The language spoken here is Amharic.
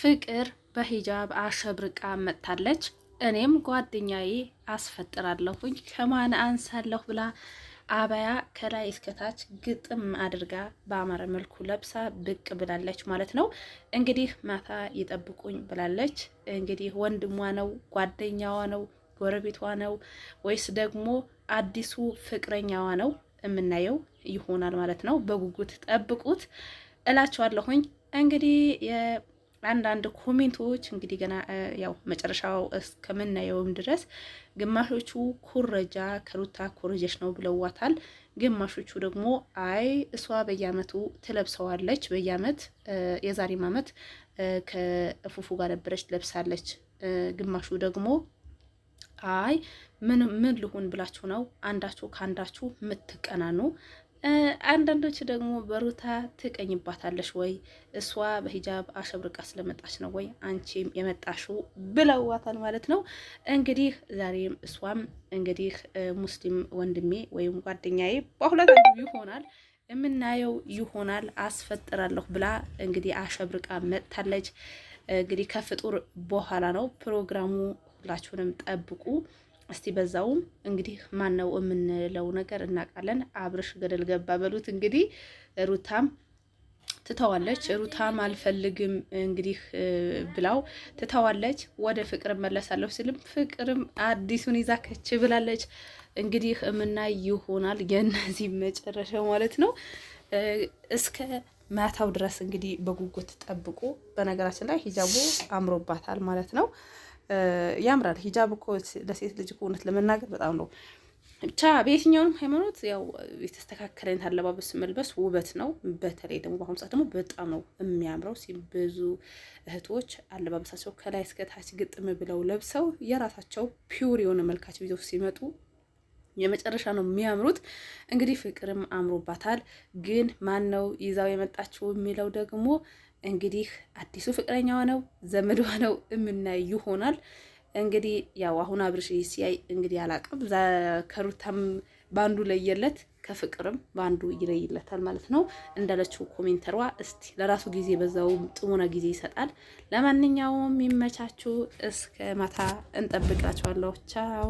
ፍቅር በሂጃብ አሸብርቃ መጥታለች። እኔም ጓደኛዬ አስፈጥራለሁኝ ከማን አንሳለሁ ብላ አባያ ከላይ እስከታች ግጥም አድርጋ በአማረ መልኩ ለብሳ ብቅ ብላለች ማለት ነው። እንግዲህ ማታ ይጠብቁኝ ብላለች። እንግዲህ ወንድሟ ነው፣ ጓደኛዋ ነው፣ ጎረቤቷ ነው ወይስ ደግሞ አዲሱ ፍቅረኛዋ ነው የምናየው ይሆናል ማለት ነው። በጉጉት ጠብቁት እላችኋለሁኝ እንግዲህ አንዳንድ ኮሜንቶች እንግዲህ ገና ያው መጨረሻው እስከምናየውም ድረስ ግማሾቹ ኩረጃ ከሩታ ኮረጀች ነው ብለዋታል። ግማሾቹ ደግሞ አይ እሷ በየአመቱ ትለብሰዋለች፣ በየአመት የዛሬም አመት ከፉፉ ጋር ነበረች ትለብሳለች። ግማሹ ደግሞ አይ ምን ምን ልሁን ብላችሁ ነው አንዳችሁ ከአንዳችሁ የምትቀናኑ አንዳንዶች ደግሞ በሩታ ትቀኝባታለሽ ወይ እሷ በሂጃብ አሸብርቃ ስለመጣች ነው ወይ አንቺም የመጣሽው ብለዋታል ማለት ነው። እንግዲህ ዛሬም እሷም እንግዲህ ሙስሊም ወንድሜ ወይም ጓደኛዬ በሁለት ይሆናል የምናየው ይሆናል አስፈጥራለሁ ብላ እንግዲህ አሸብርቃ መጥታለች። እንግዲህ ከፍጡር በኋላ ነው ፕሮግራሙ። ሁላችሁንም ጠብቁ። እስቲ በዛውም እንግዲህ ማን ነው የምንለው ነገር እናውቃለን። አብርሽ ገደል ገባ በሉት እንግዲህ ሩታም ትተዋለች። ሩታም አልፈልግም እንግዲህ ብላው ትተዋለች። ወደ ፍቅር መለሳለሁ ስልም ፍቅርም አዲሱን ይዛ ከች ብላለች። እንግዲህ የምናይ ይሆናል የነዚህ መጨረሻው ማለት ነው እስከ ማታው ድረስ እንግዲህ በጉጉት ጠብቁ። በነገራችን ላይ ሂጃቡ አምሮባታል ማለት ነው። ያምራል። ሂጃብ እኮ ለሴት ልጅ እኮ እውነት ለመናገር በጣም ነው ብቻ በየትኛውንም ሃይማኖት ያው የተስተካከለ አይነት አለባበስ መልበስ ውበት ነው። በተለይ ደግሞ በአሁኑ ሰዓት ደግሞ በጣም ነው የሚያምረው። ብዙ እህቶች አለባበሳቸው ከላይ እስከ ታች ግጥም ብለው ለብሰው የራሳቸው ፒውር የሆነ መልካቸው ይዘው ሲመጡ የመጨረሻ ነው የሚያምሩት። እንግዲህ ፍቅርም አምሮባታል። ግን ማን ነው ይዛው የመጣችው የሚለው ደግሞ እንግዲህ አዲሱ ፍቅረኛዋ ነው ዘመዷ ነው የምናይ ይሆናል። እንግዲህ ያው አሁን አብርሽ ሲያይ እንግዲህ አላቅም ከሩታም በአንዱ ለየለት ከፍቅርም በአንዱ ይለይለታል ማለት ነው። እንዳለችው ኮሜንተሯ እስቲ ለራሱ ጊዜ በዛው ጥሙና ጊዜ ይሰጣል። ለማንኛውም ይመቻችሁ። እስከ ማታ እንጠብቃችኋለሁ። ቻው